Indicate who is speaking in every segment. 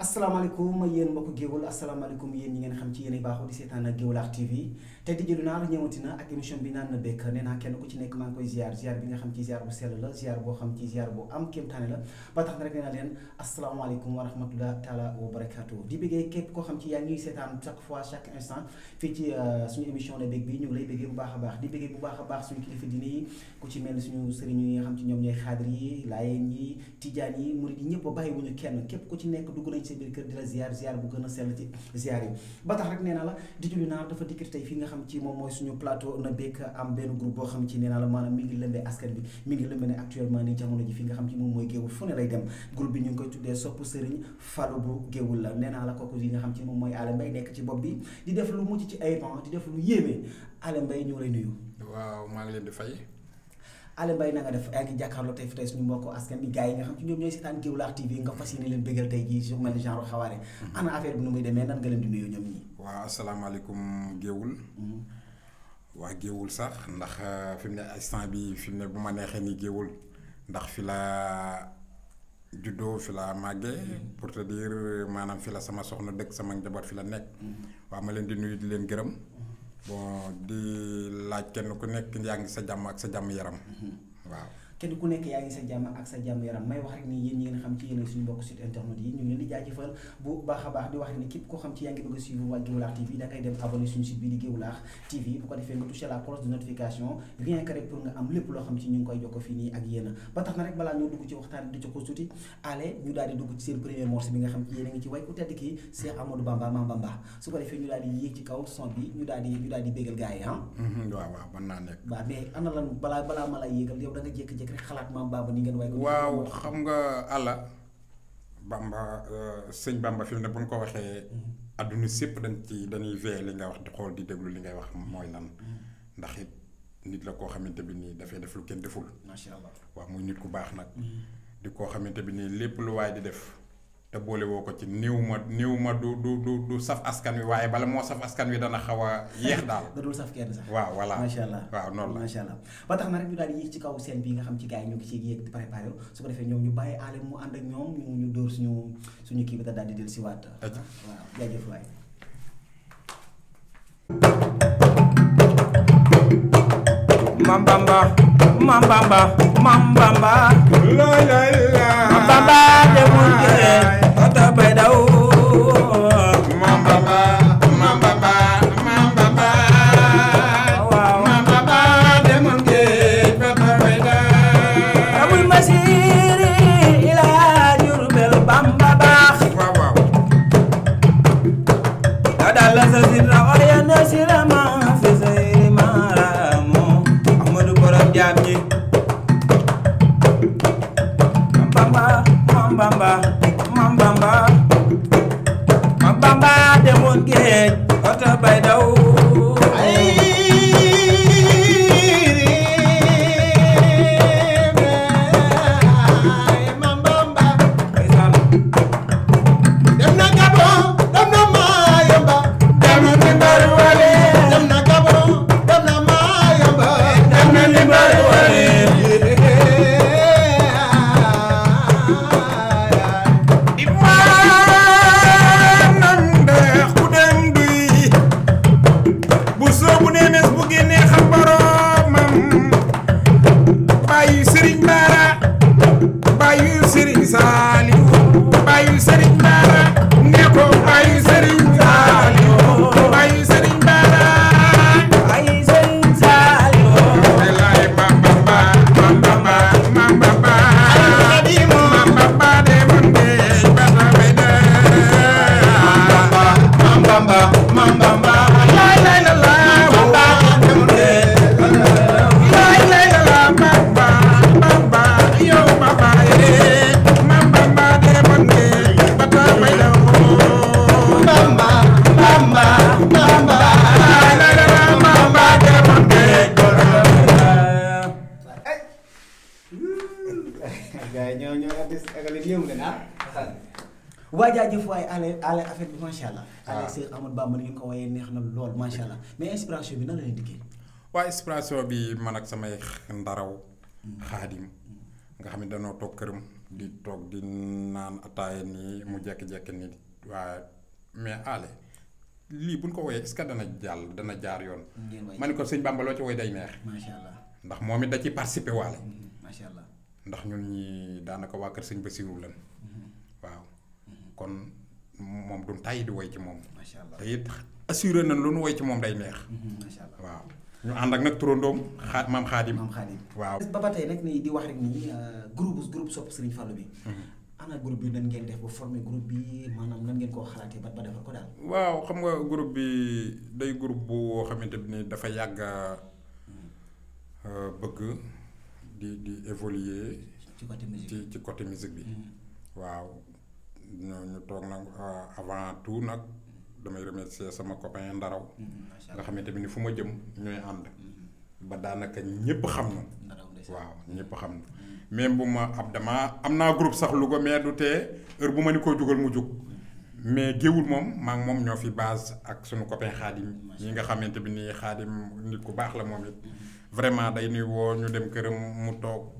Speaker 1: asalaamaaleykum yéen mbokk géewul asalaamaaleykum yéen ñi ngeen xam ci yéen ay baaxu di seetaan ak TV tey di jëlu naar ñëwati na ak émission bi naa kenn ku ci nekk maa ngi koy ziar nga xam ci ziar bu sell la na rek nee naa leen wa rahmatullah taala wa barakaatu di bëggee képp koo xam ci yaa euh, bi ñu ngi lay bëggee bu baax a baax di bëggee bu a baax suñu kilifa diine yi ku ci mel nga xam ci ñoom ñooy xaadir yi laayeen yi tijaan yi murid kenn képp ku ci nekk dugg nañ sa biir kër di la ziar ziar bu gën a sell ci ziar yi ba tax rek nee na la di julli naa la maanaam mi ngi fi nga xam ci moom mooy géewul fu ne lay dem groupe bi ñu koy tuddee sopp sëriñ falu bu géewul la nee naa la kooku yi nga xam ci moom mooy Alé nekk ci bopp bi di def lu mucc ci ay di def lu yéeme Alé ñoo lay nuyu waaw maa ngi leen di fay ale bay na nga def ak eh, jakarlo tay tey suñu askan bi gars nga xam ci ñoom ñooy seetaan Gueoulart TV nga fasiyene leen bégal tay ji ci
Speaker 2: mel genre xawaare mm-hmm. ana affaire bi nu muy demee nan nga leen di nuyu ñoom ñi assalamu alaykum géewul wa géewul mm-hmm. sax ndax eh, fi ne instant bi fi ne ni géewul ndax fi la judo fi la màggee mm-hmm. pour te dire manam fi la sama soxna dekk sama njaboot fi la nek wa ma leen di nuyu di leen gërëm bon di laaj kenn ku nekk yaa ngi sa jàmm ak sa jàmm yaram mm-hmm. waaw
Speaker 1: kenn ku nekk yaa ngi sa jàmm ak sa jàmm yaram may wax rek ni yéen ñi ngeen xam ci yéen suñu mbokk site internet yi ñu ngi leen di bu baax a baax di wax ni képp koo xam ci yaa ngi bëgg a bu ko defee notification rien que pour nga am lépp loo xam ci ñu ngi koy jokko fii nii ak yéen ba tax na rek balaa ñoo dugg ci waxtaan di ci ko suuti allez ñu daal dugg ci seen premier morceau bi nga xam ci yéen ngi ci way ku tedd kii Cheikh Amadou Bamba Mame xalaat maam Bamba waaw xam
Speaker 2: nga àlla Bamba euh, sëñ Bamba fi mu ne bu ñu ko waxee. Mhm. adduna sépp dañ ci dañuy veillé li nga wax di xool di déglu li ngay wax mooy lan. Mhm. ndax it nit la koo xamante bi nii dafay def lu kenn deful. macha allah waaw muy nit ku baax nag. Mhm. di koo xamante bi nii lépp lu waay di def. te boole woo ko ci néew ma néew ma du du du du saf askan wi waaye bala moo saf askan wi dana xaw a yeex daal da dul saf kenn sax waaw voilà macha allah waaw noonu la macha allah ba tax na rek ñu daal yi ci kaw seen bi nga
Speaker 1: xam ci gars yi ñu ngi ci yéeg di préparé wu su ko defee ñoom ñu bàyyi aale mu ànd ak ñoom ñu ñu dóor suñu suñu kii bi te daal di del si waat waaw jaajëf waay
Speaker 3: Mambamba, Mambamba, Mambamba, la la la, Mambamba, the but I
Speaker 1: jaajëf waaye ale ale affaire bi macha allah. Ah. ale Cheikh Bamba ni ngeen ko neex na lool macha allah mais inspiration bi nan la ñuy dikkee.
Speaker 2: inspiration bi man ak samay ndaraw. Hmm. xaadim hmm. nga xam ne danoo di toog di naan ataaya nii mu jékki-jékki nii mais ale lii buñ ko woyee est-ce dana jàll dana jaar yoon. ma ko sëñ Bamba loo ci woy day neex. macha allah ndax moom da ciy participer waale. Hmm, macha allah ndax ñun ñi kër sëñ lan kon mom dum tay di way ci moom. macha allah te it assuré nañ lu nu way ci mom day neex. Mhm, macha allah waaw. ñu and ak nak turondom mam khadim mam khadim waaw. ba ba tay nak ni di
Speaker 1: wax rek ni euh, groupe groupe sop Serigne Fallou bi. Mhm. ana groupe bi nan ngeen def ba former groupe bi manam nan ngeen ko xalaté ba ba defal ko dal
Speaker 2: waaw xam nga groupe bi day groupe bu xamanteni ni dafa mhm. euh bëgg di di évoluer. ci côté musique ci côté musique bi. waaw ñooñu toog nag euh, avant tout nag damay remercier sama copain Ndaraw. Mm-hmm, nga xamante ni fu ma jëm ñooy ànd. Mm-hmm. ba daanaka ñëpp xam na. waaw ñëpp xam na. Mm-hmm. même bu ma ab damaa am naa groupe sax Louga mais du tee heure bu ma ni koo jugal mu jug. mais géewul moom maa ngi moom ñoo fi baas ak sunu copain xaadim ñi nga xamante bi nii xaadim nit ku baax la moom it. vraiment day nuy woo ñu dem këram mu toog.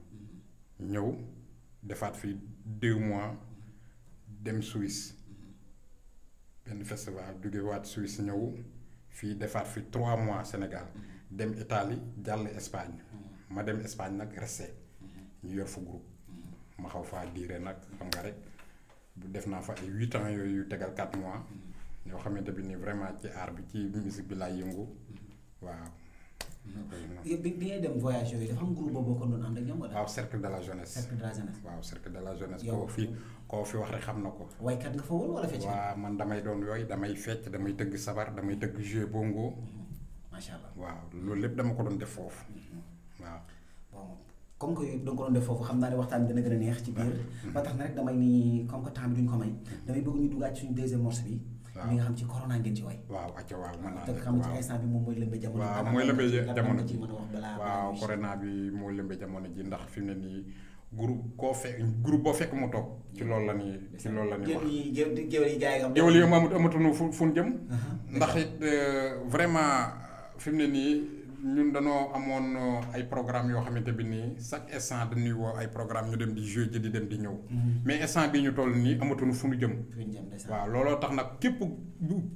Speaker 2: ñëw defaat fi deux mois dem Suisse benn festival jóge waat Suisse ñëw fii defaat fi trois mois Sénégal dem Italie jàll Espagne mm-hmm. ma dem Espagne nag resté mm-hmm. ñu yor fa groupe mm-hmm. ma xaw faa diire nag xam nga rek def naa fa ay huit ans yooyu yu tegal quatre mois ñoo xamante bi ni vraiment ci art bi ci musique bi laay yëngu waaw bi bi ngay dem voyage yooyu dafa am groupe boobu ko doon ànd ak ñoom wala. waaw cercle de la jeunesse cercle de la jeunesse. waaw cercle de la jeunesse. yow koo fi koo fi wax rek xam na ko. waykat nga fa woon wala fecc. waaw man damay doon yooyu damay fecc damay tëgg sabar damay tëgg jeu bongo. Mhm.
Speaker 1: macha allah waaw
Speaker 2: loolu lépp dama ko doon def foofu. Mhm.
Speaker 1: waaw. bon
Speaker 2: comme que da nga ko doon def foofu xam naa ne
Speaker 1: waxtaan bi dana gën a neex. ci biir ba tax na rek damay nii comme que temps bi duñ ko may. Mhm. damay bëgg ñu duggaat ci suñu bi. li nga xam ci corona ngeen ci waaw acca waaw mën naa te xam mooy lëmbe jamono waaw mooy lëmbe ji a waaw corona
Speaker 2: bi moo lëmbe jamono ji ndax fi mu ne nii groupe koo fekk groupe boo fekk mu toog ci loolu la ñuy ci loolu la ñuy wax géwél yi amatuñu fu fu jëm ndax it euh, vraiment fi mu ne nii ñun danoo amoon euh, ay programme yoo xamante bi nii chaque instant dañuy woo ay programme ñu dem di jouer ji di dem di ñëw. Mm-hmm. mais instant bi ñu toll nii amatuñu fu nu jëm. waaw looloo tax nag képp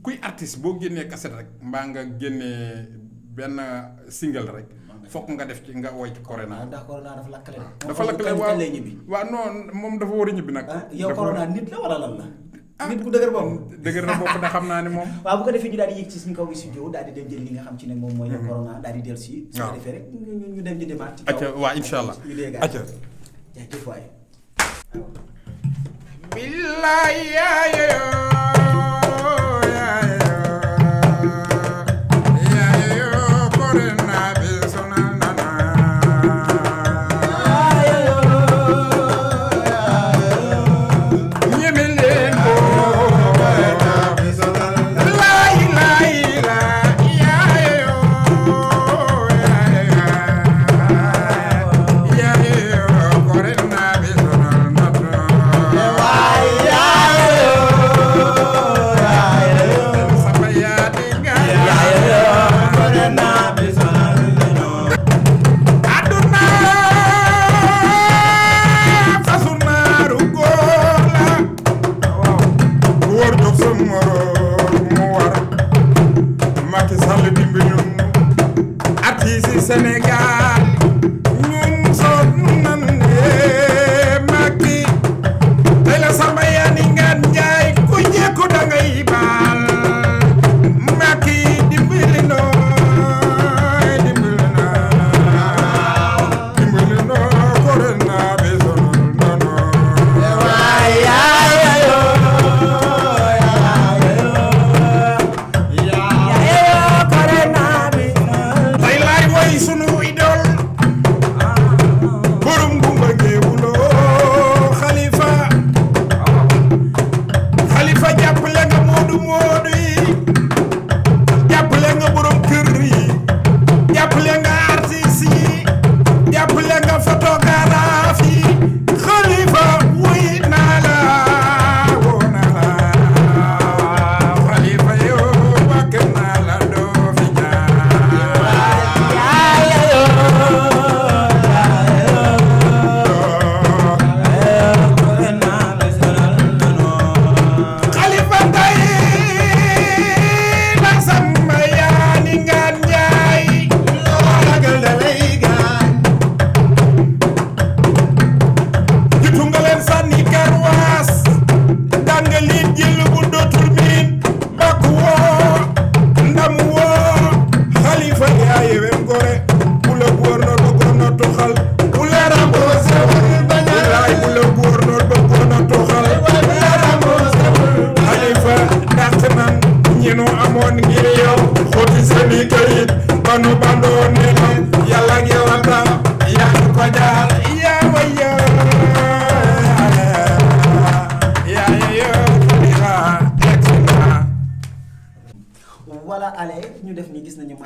Speaker 2: kuy artiste boo génnee cassette rek mbaa nga génnee benn single rek. fokk nga def ci nga woy ci corona. ndax ah, corona dafa la dafa lakkale waaw waaw non moom dafa war a ñibbi nag. Ah, yow corona nit la wala lan la. Ah. nit ku dëgër bopp dëgër na bopp da xam naa ne moom
Speaker 1: waaw bu ko defee ñu daal di yëg ci suñu kaw gi studio daal di dem jël li nga xam ci ne moom mooy le hmm. corona daal di dellu si su ko defee rek ñu dem di demaat ci kaw waaw incha allah ñu dégg acca jaajëf
Speaker 3: waay billaay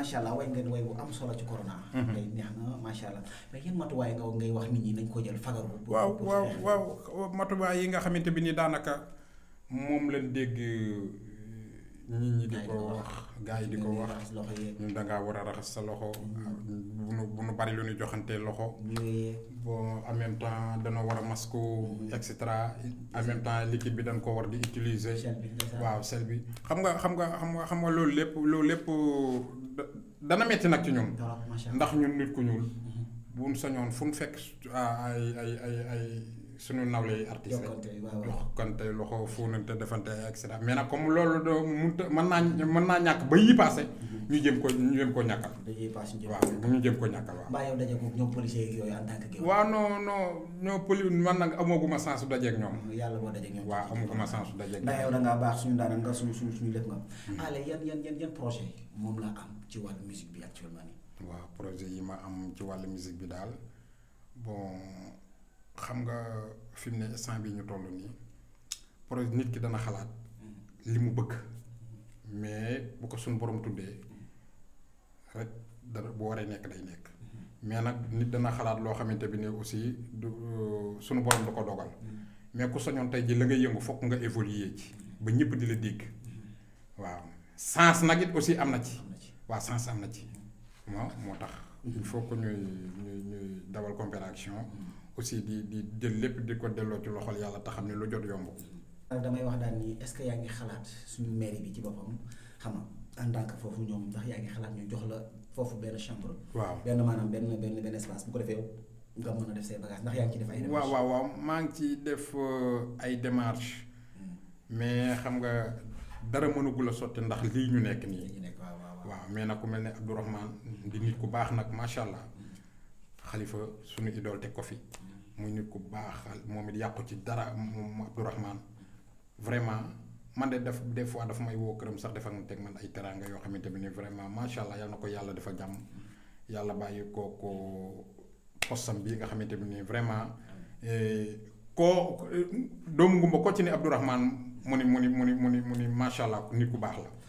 Speaker 2: macha allah way ngeen way bu am solo ci corona. tey mhm. neex na macha allah mais yan matuwaay nga ngay wax nit ñi nañ ko jël bu waaw waaw waaw matu way yi nga xamanteni bi ni danaka mom lañ dégg eh, nit ñi diko wax gaay diko wax da nga wara rax sa loxo. Mhm. Ah, bu nu bu nu bari lu ñu joxante loxo. bo en même temps da na wara masque mhm. et cetera en même temps liquide bi dañ ko war di utiliser. waaw sel bi xam nga xam nga xam nga xam nga loolu lepp loolu lépp dana metti nag ci ñun. ndax ñun nit ku ñuul. Mm-hmm. bu ñu sañoon fu ñu fekk ah, ay ay ay ay. suñu nawle yi artiste loxo konte loxo fuunante defante et cetera mais nag comme loolu do munta mën naa mën naa ñàkk ba yii passé mhm. ñu jëm ko ñu jëm ko ñàkkal waaw ñu jëm ko ñàkkal waaw
Speaker 1: waaw non non
Speaker 2: ñoo poli man nag amaguma sens daje ak ñoom yàlla moo daje ak ñoom waaw amaguma sens daje ak ñoom ndax yow da ngaa baax suñu daana nga
Speaker 1: suñu suñu suñu lépp nga ale yan
Speaker 2: yan yan yan projet moom la am ci wàllu musique bi actuellement nii waaw projet yi ma am ci wàllu musique bi daal bon xam nga fi mu ne instant bi ñu toll nii projet nit ki dana xalaat li mu bëgg mais bu ko suñu borom tuddee rek dana bu waree nekk day nekk mais nag nit dana xalaat loo xamante bi ne aussi du euh, suñu borom da ko dogal mais ku soñoon tey ji la nga yëngu fokk nga évoluer ci ba ñëpp di la dégg waaw sens nag it aussi am na ci waaw sens am na ci waaw moo tax il faut que ñuy ñuy ñuy dawal comparaison mm. aussi di di jël lépp di ko delloo ci loxol yàlla te xam ne lu jot yomb.
Speaker 1: ak damay wax daal ni est-ce que yaa ngi xalaat suñu mairie bi ci boppam xam nga en tant que foofu ñoom ndax yaa ngi xalaat ñu jox la foofu benn chambre. waaw benn maanaam benn benn benn espace bu ko defee nga mën a def say bagages ndax yaa ngi ci def ay. démarches waaw waaw
Speaker 2: waaw maa ngi ci def ay démarches. mais xam nga dara mënagul la sotti ndax lii ñu nekk nii. waaw mais nag ku mel ne Abdourahmane di nit ku baax nag macha allah. xalifa suñu idool teg ko fi muy nit ku ci dara vraiment man de def des fois Kofi, may woo këram sax de teg man ay un yoo xamante ni vraiment macha allah yal na ko yàlla dafa jàmm ko ko suis un nga xamante ni vraiment suis eh, doomu ngumba ko ci ne Abdourahmane mu ni mu ni nit ku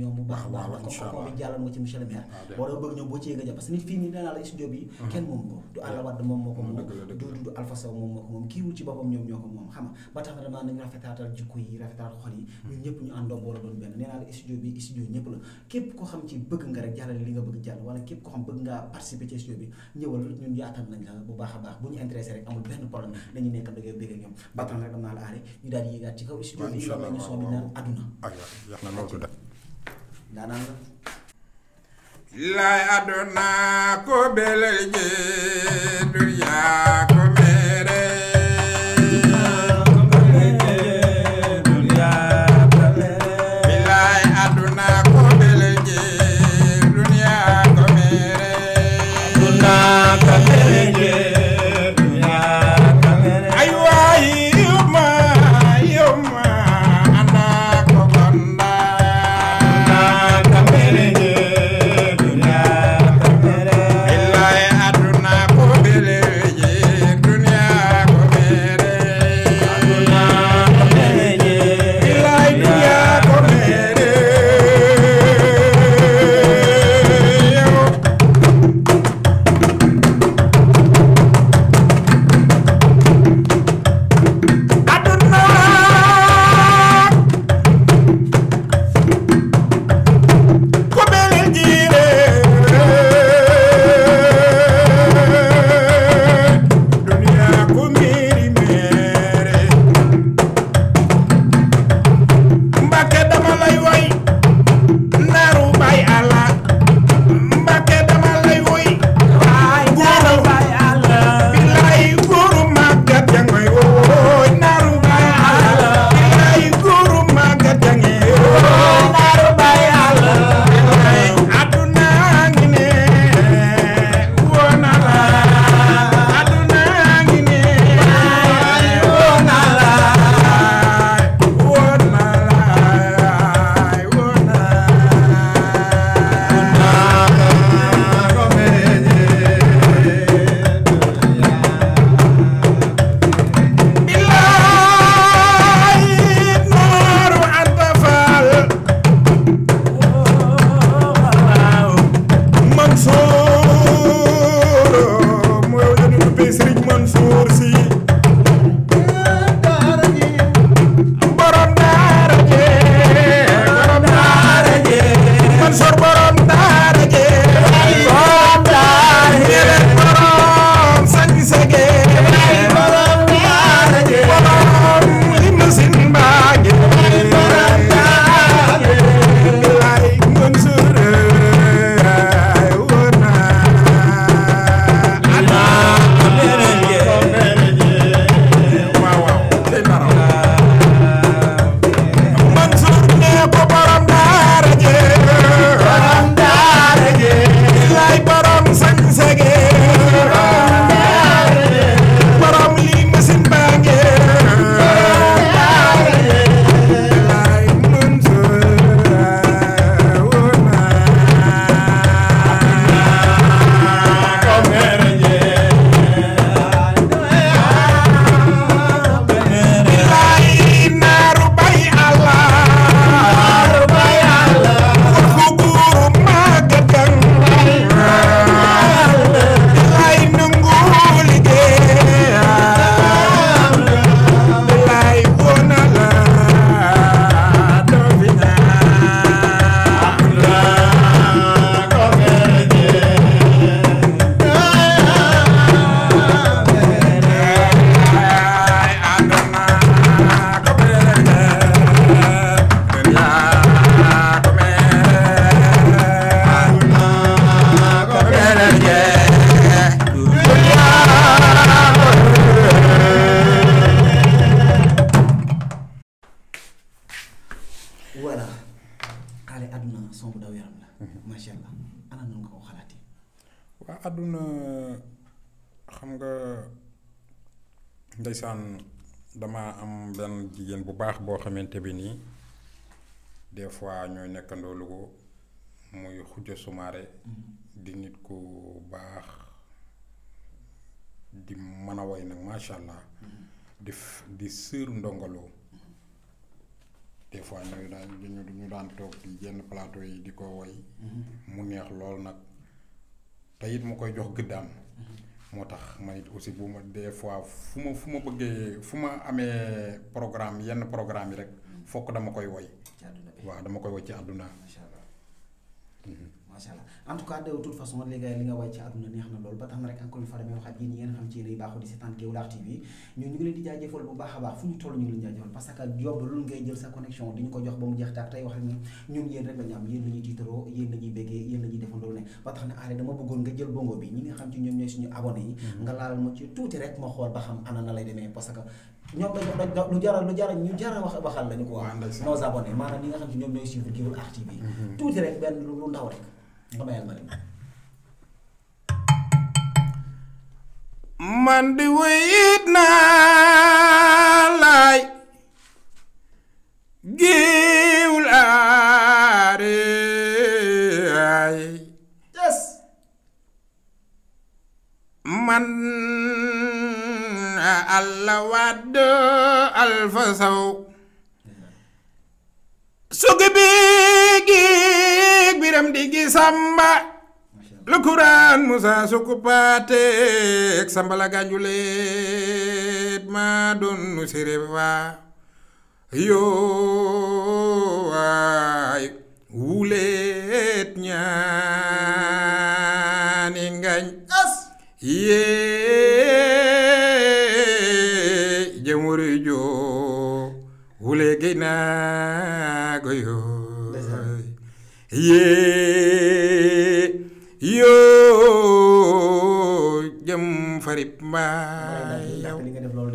Speaker 1: ñoom bu baax baax ndax ko ko mi jàlloon nga ci monsieur le maire wala bëgg ñoom boo ci nga jàpp parce que nit fii nii nee naa la studio bi kenn moom ko du Alla Wade moom moo ko moom du du Alpha Sow moom moo ko moom kii wul ci boppam ñoom ñoo ko moom xam nga ba tax vraiment nañ rafetaatal jikko yi rafetaatal xol yi ñun ñëpp ñu àndoo boole doon benn nee naa la studio bi studio ñëpp la képp ko xam ci bëgg nga rek jàllale li nga bëgg jàll wala képp ko xam bëgg nga participer ci studio bi ñëwal ñun yaatal nañ la bu baax baax bu ñu intéressé rek amul benn problème dañuy mhm. nekk da ngay bëgg ñoom ba tax nag dama la aare ñu daal di yéegaat ci kaw studio bi ñu ñu son bi naan aduna ah,
Speaker 2: ndaanaan la lay aduna ko belal ji du yaa te bi nii des fois ñooy nekkandoo ko muy Khoudia Soumaré di nit ku baax di mën a woy nag macha allah di di sër ndongoloo des fois ñu daan ñu daan toog di yenn plateau yi di ko woy mu neex lool nag te mu koy jox gëddaam moo tax man it aussi bu ma des fois fu ma fu ma bëggee fu ma amee programme yenn programme yi rek fokk dama koy woy waaw dama koy woy ci àdduna macha allah
Speaker 1: en tout cas de toute façon léegi li nga way ci àdduna neex na loolu ba tax na rek encore une fois leen di jaajëfal bu baax a baax ñu toll ñu ngi leen jaajëfal parce que yombalul ngay jël sa connexion di ñu ko jox ba mu jeex taak tey ñu am yéen la ñuy tiitaroo yéen la ñuy béggee yéen la ñuy defandoo ne ba tax na aale dama bëggoon nga jël bongo bi ñi nga xam ci ñoom ñooy suñu abonné yi mhm. nga laalal ma ci tuuti rek ma xool ba xam ana na lay demee parce que ñoom dañu dañ lu jaral lu jaral ñu jaral wax waxal lañu ko wax nos abonnés maanaam ñi nga xam ne ñoom ñooy suivre Gueoul Art TV bi mm-hmm. tuuti rek benn lu ndaw rek nga mayal ma leen
Speaker 3: man di wéyit naa
Speaker 2: alfa saw sugg bii biram diggi samba lu kuraan musa sukku samba la ganjuleet maa doon nu sirif waa yoo waay wuleet ñaani ngañ yee gina goyo ye yo jam farib ma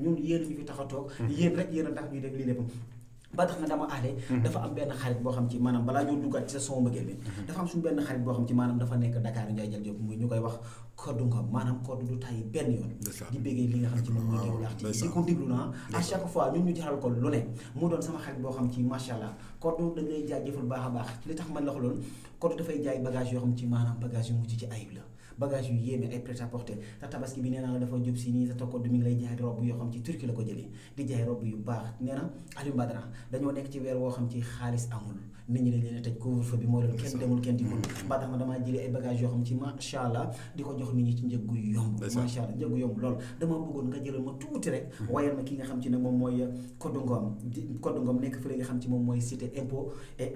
Speaker 1: ñun yéen ñu fi tax a toog mm-hmm. yéen rek yéen a tax ñuy def lii ba tax na dama aale mm-hmm. dafa am benn xarit boo xam ci maanaam balaa ñoo duggaat ci sa son mbëggeel mm-hmm. dafa boo xam ci maanaam dafa nekk Dakar Ndiaye jël Diop muy ñu koy wax koddu nga maanaam koddu du tàyyi boo xam ci macha allah koddu dañ lay jaajëfal baax a baax li tax man la xoloon koddu dafay jaay bagage yoo xam ci maanaam bagage yu mujj ci ayib la bagage yu yéeme ay prêt à porter te tabaski bi nee naa la dafa jub si nii sa tokko du mi ngi lay jaay robb yoo xam ci turki la ko jëlee di jaay robb yu baax nee na dañoo nekk ci weer woo xam ci xaalis amul nit ñi dañ leen a tëj couvre bi moo leen kenn demul kenn dikkul mm-hmm. ba tax na damaa jëlee ay bagage yoo xam ci macha allah di ko jox nit ñi njëggu yomb macha allah njëggu yomb lool dama bëggoon nga jëlal ma tuuti rek mm-hmm. wayal ma ki nga xam ci ne moom mooy Kodou euh, Ngom Kodou Ngom nekk fële nga xam ci moom mooy cité impôt et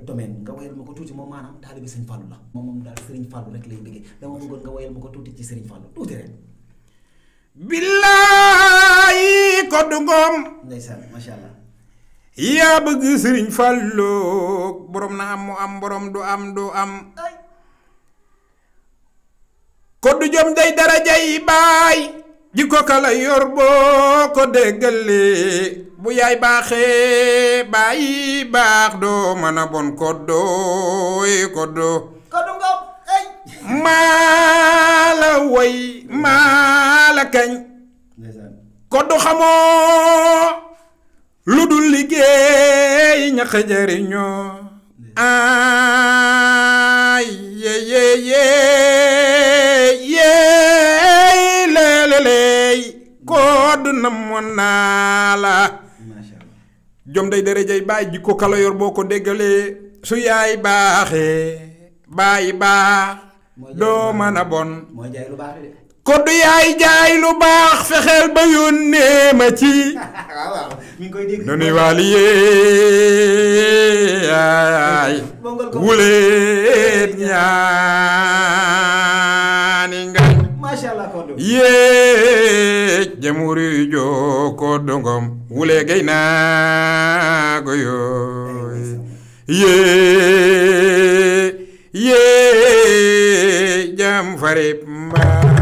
Speaker 1: ma ko tuti ci Serigne
Speaker 2: Fallou tuuti rek. billaay koddu ngoom.
Speaker 1: ndeysaan macha allah.
Speaker 2: Ya bëgg Serigne Fallou borom na am am borom du am du am. du jom day dara jay bay jiko kala yor bo ko déggalee bu yaay baaxee bàyyi baax doo mën a bon koddooy koddoo. Eh, koddu ngoom. maa la woy maa la kañ ko du xamoo lu dul liggéey ñax jëriñoo ay yéyéyéy yéy léeleléy koo du na naa la jom day dërëjëy bàyyi jikko kala boo ko déggalee su yaay baaxee bàyyi baax doo mën a bon ko du yaay jaay lu baax fexeel ba yónnee ma ci nu nuy waal yéey wuleet ñaani ngañ yéej jamuri joo ko dongom wule gay naa ko yooy yéej yee jam fare mba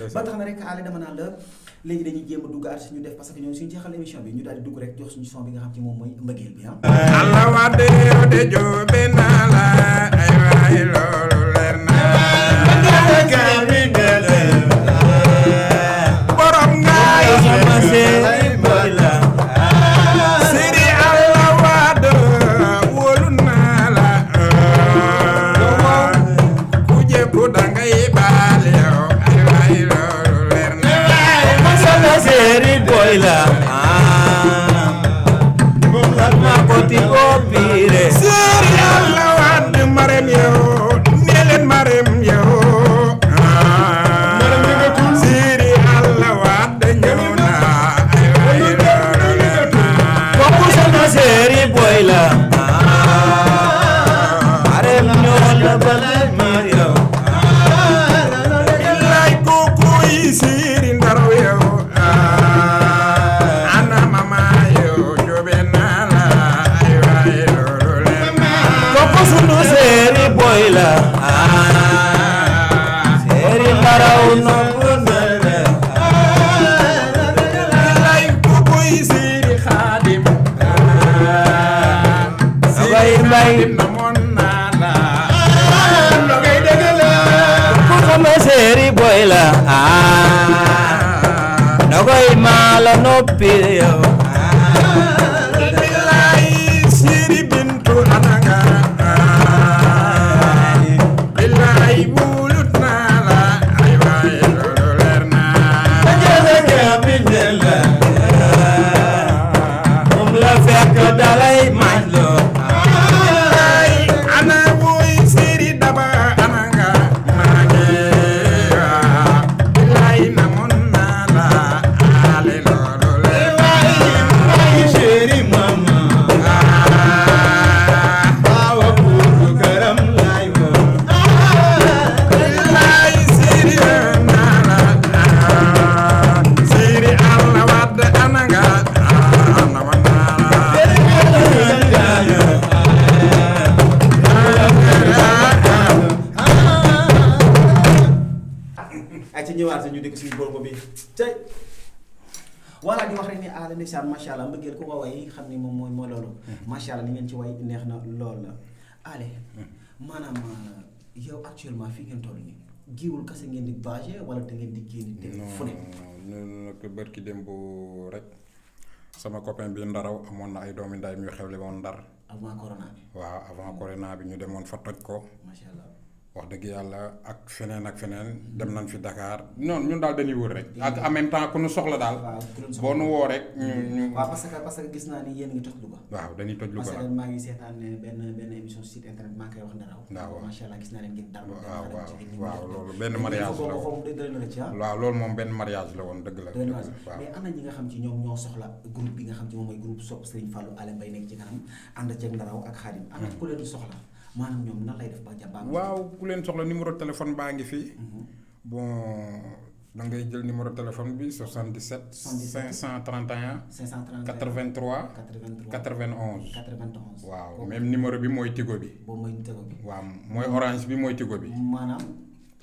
Speaker 1: ba tax na rek Aly dama naan la léegi dañuy jéem dugg artiste ñu def parce ñoom suñu jeexal émission bi ñu daal dugg rek jox suñu son nga xam ci moom mooy mbëggeel bi
Speaker 3: ah. pide
Speaker 1: macha allah mbëggeel ku ko way xam ni moom mooy loolu. Mm-hmm. macha allah li ngeen ci way neex na lool la. ale mm-hmm. maanaam euh, yow actuellement fii ngeen toll nii jiwul kase ngeen di bâché wala da ngeen di génn. dem fu ne
Speaker 2: non non nag dem bu rek sama copain bi ndaraw amoon na ay doomi ndaay mi ñu xewle woon ndar. avant corona bi. waaw avant mm. corona bi ñu demoon fa toj ko. wax dëgg yàlla ak feneen ak feneen dem nañ fi dakaar non ñun daal dañuy wër rek. ak en même temps ku ñu soxla daal. boo nu woo rek ñu
Speaker 1: ñu. gis naa ni yéen ngi toj Louga. dañuy toj maa ngi seetaan benn benn émission site internet maa ngi koy wax dara. waaw macha allah gis naa leen ngeen dara. waaw waaw waaw loolu benn mariage la woon ah. waaw loolu moom benn
Speaker 2: mariage la woon dëgg la. dëgg la
Speaker 1: mais ana ñi nga xam ci ñoom ñoo soxla groupe bi nga xam ci moom mooy groupe Sopp Serigne Fallou Alé Mbaye nekk ci kanam ànd ceeg Ndaraw ak Xaadim ana ku leen soxla maanaam waaw
Speaker 2: ku leen soxla numéro téléphone baa ngi fi mhm. bon da jël numéro téléphone bi 77. 77 531. 531 83. 83 91. 91 waaw même numéro bi mooy Tigo bi. boobu mooy Tigo bi. waaw mooy orange bi mooy Tigo bi.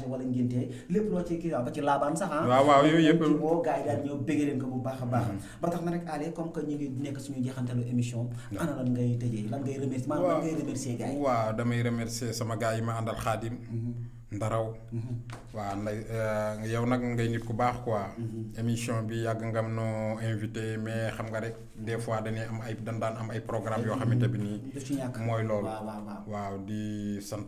Speaker 1: mariage wala ah. waaw yooyu yëpp ci woo daal ñëw bégge leen ko bu baax a baax mm-hmm. ba tax na rek Alé comme que ñu ngi nekk suñu jeexantalu émission ana ngay
Speaker 2: tëjee lan ngay remercier maanaam lan ngay remercier gars waaw damay remercier sama gars yi ma àndal Xaadim mm-hmm. ndaraw mhm. waaw eh, yow nak ngay nit ku bax quoi mhm. émission bi yag ngam no invité mais xam nga rek des fois dañuy am ay dañ daan am ay programme yo xamé tabini moy lool waaw di sant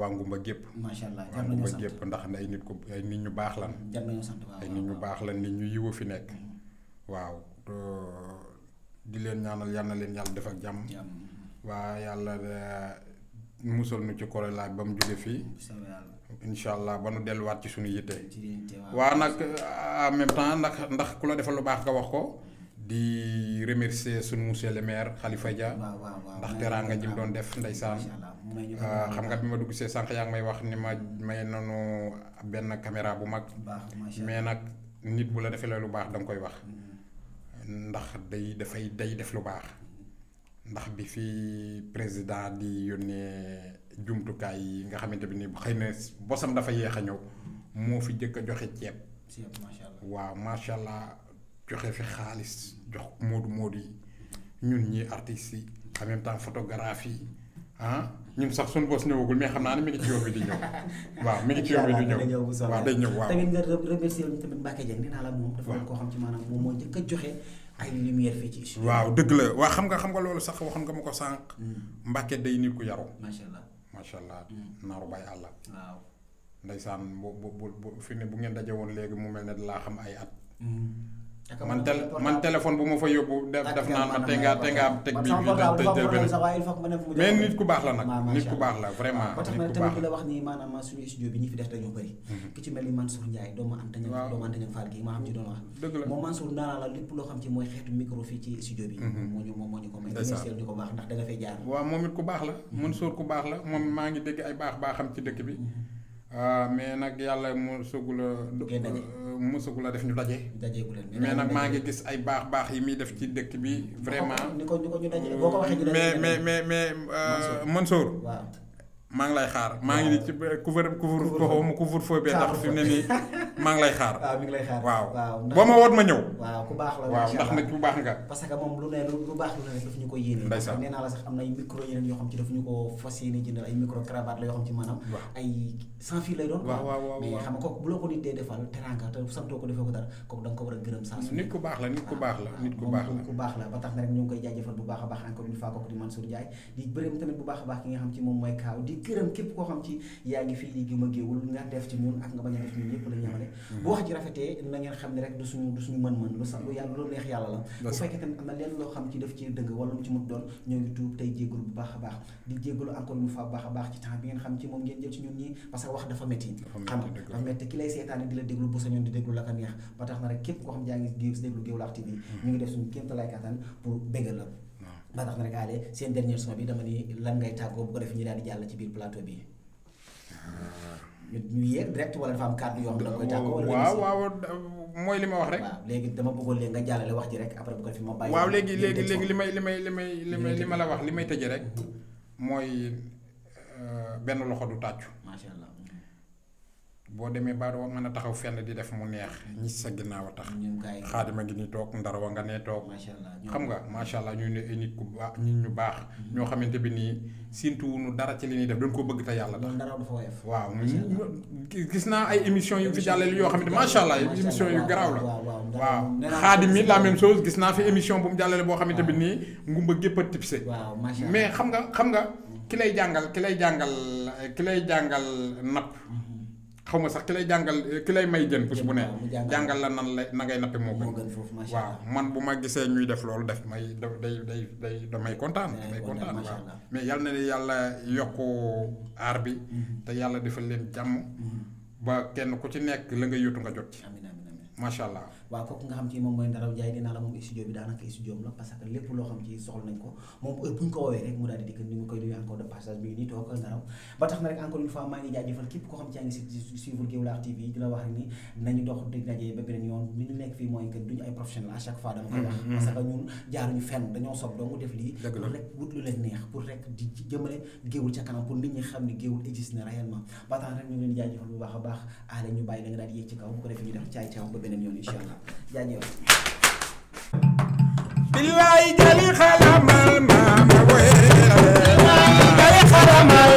Speaker 2: wangu ma gep machallah waa ngumba gep ndax ay nit ku ay nit ñu bax lan ay nit ñu bax lan nit ñu yiwu fi nek mhm. waaw di leen ñaanal yalla na leen yàlla def ak jàmm wa yalla eh, musal nu ci korolaay ba mu jóge fii incha allah ba nu delluwaat ci suñu yitte waa nag en temps ndax ndax ku la defal lu baax nga wax ko di remercier suñu monsieur le maire Khalifa Dia ndax teraanga jim doon def ndeysaan ah, xam nga bi ma dugg see sànq yaa ngi may wax ni ma may nanu benn caméra bu mag mais nag nit bu la defee lu baax danga koy wax mm-hmm. ndax day dafay day def lu baax ndax bi fi président di yónnee jumtukaay yi nga xamante bi ni xëy bosam dafa yéex a ñëw moo fi jëkk a joxe ceeb waaw macha allah joxe fi xaalis jox moodu moodu yi ñun ñi artistes yi en même temps photographe yi ah ñun sax suñu bos ñëwagul mais xam naa ne mi ngi ci yoon bi di ñëw waaw mi ngi ci yoon bi di ñëw waaw day ñëw waaw tamit
Speaker 1: nga remercier tamit
Speaker 2: Mbacke Dieng nee la moom dafa ko xam ci maanaam moom moo jëkk joxe ay lumière waaw dëgg la waa xam nga xam nga loolu sax waxoon nga ma ko sànq. Mm. Mbàkke day nit ku yaru. macha allah macha mm. naaru bay àlla. waaw. ndeysaan bu bu bu fi ne bu ngeen dajee woon léegi mu mel ne laa xam ay at. Mm. man tel man téléphone bu ma fa yóbbu def def naan ma tey ngaa tey ngaa teg bi bi da tey jël benn mais nit ku baax la nag nit ku baax la vraiment ba tax na tamit la
Speaker 1: wax ni maanaam suñu studio bi ñi fi def dañoo bëri mhm. ki ci mel ni Mansour Ndiaye doomu am tañu doomu am
Speaker 2: tañu faal gi ma xam ci doon wax
Speaker 1: dëgg la moom Mansour ndaanaa la lépp loo xam ci mooy xeetu micro fii ci studio bi mhm. moo ñu moom moo ñu ko may merci ñu ko baax ndax da
Speaker 2: nga fay jaar waaw moom it ku baax la mhm. Mansour ku baax la moom maa ngi dégg ay baax baaxam ci dëkk bi Ah, mais nag yàlla mu sugula euh, mu sugula def ñu daje. mais nag maa ngi gis ay baax baax yi muy def ci dëkk bi. vraiment
Speaker 1: ñu ko waxee mais mais mais
Speaker 2: euh, mais Mansour. waaw maa ngi lay xaar. maa ngi ci couvre couvre foofu couvre foofu bee tax fi mu ne nii. maa ngi lay xaar waaw mi ngi lay xaar waaw ma ñëw waaw ku baax la waaw ndax nit ku baax nga parce que moom
Speaker 1: lu ne lu baax lu ne daf ñu ko yéene ndeysaan nee am na ay micro yeneen yoo ko fas yéene jëndal ay bu loo ko nit dee defal teranga ko ko dara kooku a su nit ku a baax encore une fois kooku di bërëm tamit bu baax a baax ki nga xam ci moom mooy kaaw di gërëm képp koo xam ci yaa ngi fii di gëm a géewul nga def ci ñun ak nga bañ a def ñun yëpp la waxtaane bu wax ji rafetee na xam ne rek du suñu mën-mën lu sax lu yàlla lu neex yàlla la bu fekkee na leen loo xam ci def ci dëgg wala lu ci mën doon ñoo ngi tuub tey jéggalu bu baax a baax di jéggalu encore une fois bu baax a baax ci temps bi ngeen bu sañoon la ba tax na rek képp hmm. hmm. seen dernier son bi dama ni lan ngay tàggoo bu ko def ñu daal di jàll ci biir plateau bi ñu yéeg direct wala dafa am kàddu yoo xam da koy tàggoo wala waaw waaw mooy li ma wax rek waaw léegi dama bëggoon léegi nga jàllale wax ji rek après bu ko fi ma bàyyi waaw léegi léegi léegi
Speaker 2: li may li may li may li may li ma la wax li may tëjee rek mooy euh, benn loxo du tàccu boo demee ba doo mën a taxaw fen di def mu neex ñi sa ginnaaw a tax. xaadima ngi ni toog ndar wa nga nee toog. xam nga macha allah ñu ne ay ku baax nit ñu baax. Mm-hmm. ñoo xamante bi nii siintu wuñu dara ci li ñuy def dañ ko bëgg te yàlla tax. waaw gis naa ay émission yu fi jàllale yoo xam ne macha allah émission yu garaaw la. waaw xaadim mi la même chose gis naa fi émission bu mu jàllale boo xamante bi nii ngumba géppa a mais xam nga xam nga ki lay jàngal ki lay jàngal ki lay jàngal napp. Mm-hmm. xaw ma sax ki lay jàngal ki lay may jën bés bu ne jàngal la nan la na ngay nappe moo gën waaw man bu ma gisee ñuy def loolu def may day day day damay kontaan damay kontaan waaw mais yal na yàlla yokku aar bi mm-hmm. te yàlla defal leen jàmm mm-hmm. ba kenn ku ci nekk la nga yóotu nga jot ci macha allah
Speaker 1: waaw kooku am la parce que lépp loo xam ko ko woowee de passage na rek encore une fois xam ci yaa mooy que duñu ay professionnel mm-hmm. bu baax a baax aale ñu bàyyi da daal yéeg ci kaw bu ko defee ñu def caay caay ba beneen yoon incha allah jaajëf
Speaker 3: billaay jali xalamal maama way